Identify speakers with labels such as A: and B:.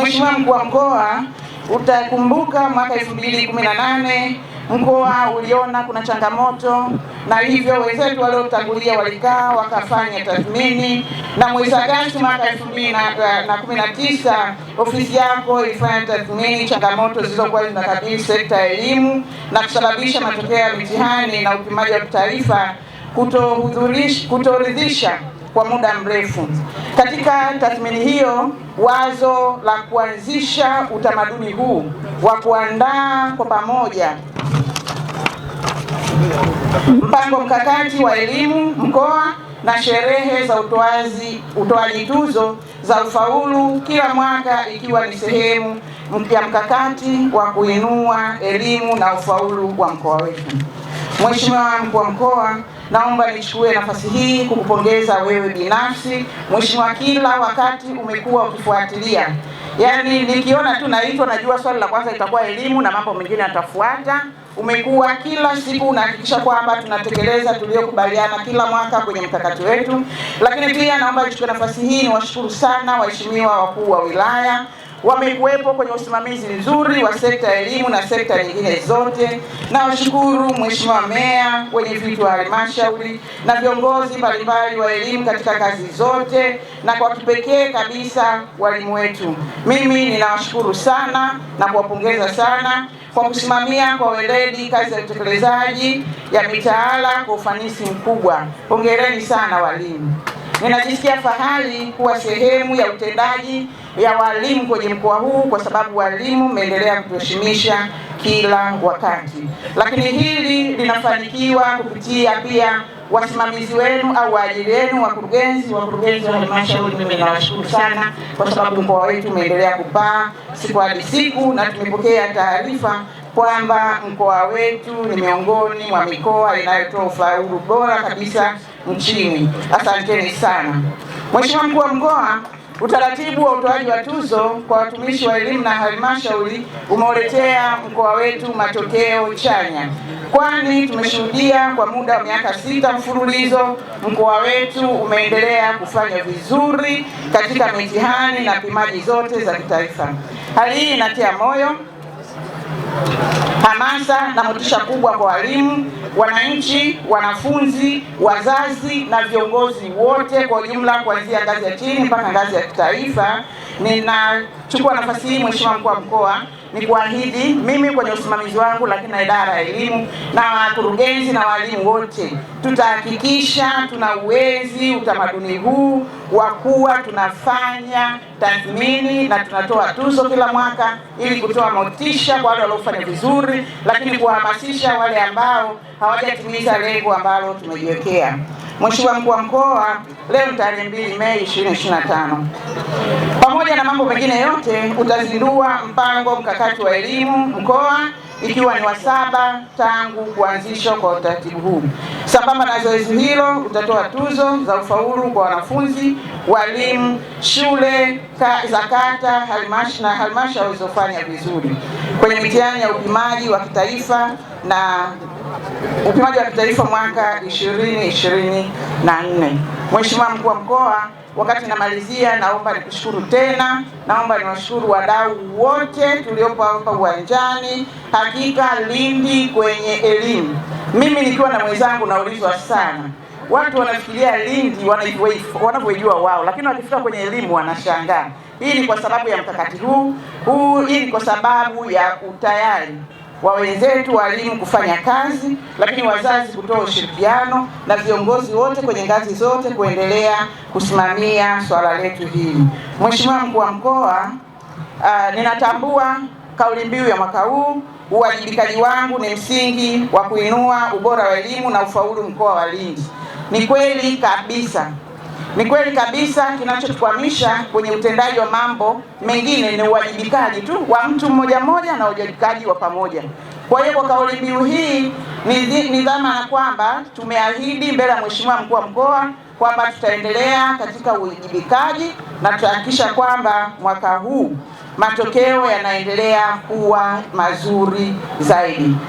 A: Mheshimiwa mkuu wa mkoa, utakumbuka mwaka 2018 mkoa uliona kuna changamoto, na hivyo wenzetu waliotangulia walikaa wakafanya tathmini, na mwezi Agosti mwaka 2019 ofisi yako ilifanya tathmini changamoto zilizokuwa zinakabili sekta ya elimu na kusababisha matokeo ya mitihani na upimaji wa kitaifa kutoridhisha kwa muda mrefu. Katika tathmini hiyo, wazo la kuanzisha utamaduni huu wa kuandaa kwa pamoja mpango mkakati wa elimu mkoa na sherehe za utoaji utoaji tuzo za ufaulu kila mwaka ikiwa ni sehemu ya mkakati wa kuinua elimu na ufaulu wa mkoa wetu. Mheshimiwa Mkuu wa Mkoa naomba nichukue nafasi hii kukupongeza wewe binafsi mheshimiwa, kila wakati umekuwa ukifuatilia Yaani nikiona tu naitwa, najua swali la kwanza litakuwa elimu na mambo mengine yatafuata. Umekuwa kila siku unahakikisha kwamba tunatekeleza tuliyokubaliana kila mwaka kwenye mkakati wetu, lakini pia naomba nichukue nafasi hii niwashukuru sana waheshimiwa wakuu wa wilaya wamekuwepo kwenye usimamizi mzuri wa sekta ya elimu na sekta nyingine zote. Nawashukuru Mheshimiwa Meya, wenye viti wa halmashauri na viongozi mbalimbali wa elimu katika kazi zote, na kwa kipekee kabisa walimu wetu. Mimi ninawashukuru sana na kuwapongeza sana kwa kusimamia kwa weledi kazi ya utekelezaji ya mitaala kwa ufanisi mkubwa. Hongereni sana walimu. Ninajisikia fahari kuwa sehemu ya utendaji ya walimu kwenye mkoa huu, kwa sababu walimu mmeendelea kutuheshimisha kila wakati, lakini hili linafanikiwa kupitia pia wasimamizi wenu au waajiri wenu, wakurugenzi, wakurugenzi wa halmashauri. Mimi nawashukuru sana kwa sababu mkoa wetu umeendelea kupaa siku hadi siku, na tumepokea taarifa kwamba mkoa wetu ni miongoni mwa mikoa inayotoa ufaulu bora kabisa nchini. Asanteni sana. Mheshimiwa Mkuu wa Mkoa, utaratibu wa utoaji wa tuzo kwa watumishi wa elimu na halmashauri umeuletea mkoa wetu matokeo chanya, kwani tumeshuhudia kwa muda wa miaka sita mfululizo mkoa wetu umeendelea kufanya vizuri katika mitihani na pimaji zote za kitaifa. Hali hii inatia moyo Hama hamasa na motisha kubwa kwa walimu, wananchi, wanafunzi, wazazi na viongozi wote kwa ujumla, kuanzia ngazi ya chini mpaka ngazi ya kitaifa. Ninachukua nafasi hii Mheshimiwa Mkuu wa Mkoa ni kuahidi mimi kwenye usimamizi wangu, lakini na idara ya elimu na wakurugenzi na walimu wote, tutahakikisha tuna uwezi utamaduni huu wa kuwa tunafanya tathmini na tunatoa tuzo kila mwaka, ili kutoa motisha kwa wale waliofanya vizuri, lakini kuwahamasisha wale ambao hawajatimiza lengo ambalo tumejiwekea. Mheshimiwa Mkuu wa Mkoa, leo tarehe mbili Mei 2025, pamoja na mambo mengine yote, utazindua mpango mkakati wa elimu mkoa ikiwa ni wa saba tangu kuanzishwa kwa utaratibu huu. Sambamba na zoezi hilo, utatoa tuzo za ufaulu kwa wanafunzi, walimu, shule ka, za kata na halmashauri zilizofanya vizuri kwenye mitihani ya upimaji wa kitaifa na upimaji wa kitaifa mwaka 2024. Mheshimiwa mkuu wa mkoa, wakati namalizia, naomba nikushukuru tena, naomba niwashukuru wadau wote tuliopo hapa uwanjani. Hakika Lindi kwenye elimu, mimi nikiwa na mwenzangu naulizwa sana watu wanafikiria Lindi wanavyojua wao, lakini wakifika kwenye elimu wanashangaa. Hii ni kwa sababu ya mkakati huu huu, hii ni kwa sababu ya utayari wa wenzetu walimu kufanya kazi, lakini wazazi kutoa ushirikiano na viongozi wote kwenye ngazi zote kuendelea kusimamia swala letu hili. Mheshimiwa Mkuu wa Mkoa, uh, ninatambua kauli mbiu ya mwaka huu uwajibikaji wangu ni msingi wa kuinua ubora wa elimu na ufaulu mkoa wa Lindi. Ni kweli kabisa. Ni kweli kabisa, kinachotukwamisha kwenye utendaji wa mambo mengine ni uwajibikaji tu wa mtu mmoja mmoja na uwajibikaji wa pamoja. Kwa hiyo kwa kauli mbiu hii ni dhama kwamba tumeahidi mbele ya Mheshimiwa mkuu wa mkoa kwamba tutaendelea katika uwajibikaji na tutahakikisha kwamba mwaka huu matokeo yanaendelea kuwa mazuri zaidi.